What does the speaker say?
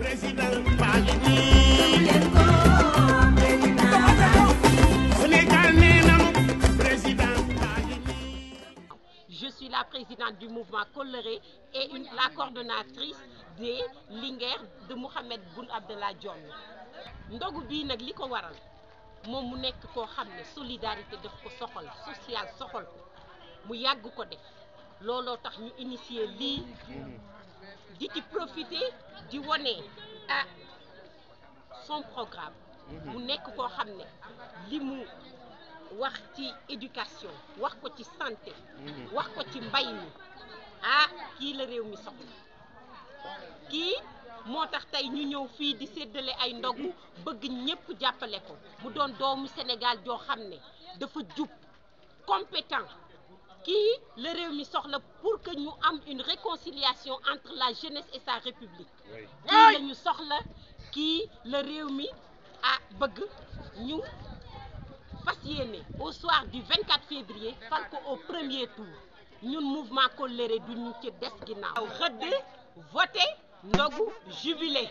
Je suis la présidente du mouvement Coloré et la coordonnatrice des Linguères de Mohamed Boun Abdallah Dionne ndogu bii nag li ko waral moom mu nekk koo xam ne solidarité daf ko soxal social soxal mu yàgg ko def looloo tax ñu initier lii di ci di wane ah son programme. Mhm. mu nekk koo xam ne li mu wax ci éducation wax ko ci santé. Mhm. wax ko ci mbay mi a ah, kii la réew mi soxla kii moo tax tey ñu ñëw fii di séddale ay ndogu bëgg ñépp jàppale ko mu doon doomu Sénégal joo xam ne dafa jub compétent. kii la réew mi soxla pour que ñu am une réconciliation entre la jeunesse et sa république kii la ñu soxla kii le réew mi ah bëgg ñu fas yéene au soir du 24 février fal ko au premier tour ñun mouvement Kolléré duñu ci des ginnaaw xëdd voté ndogu jubilé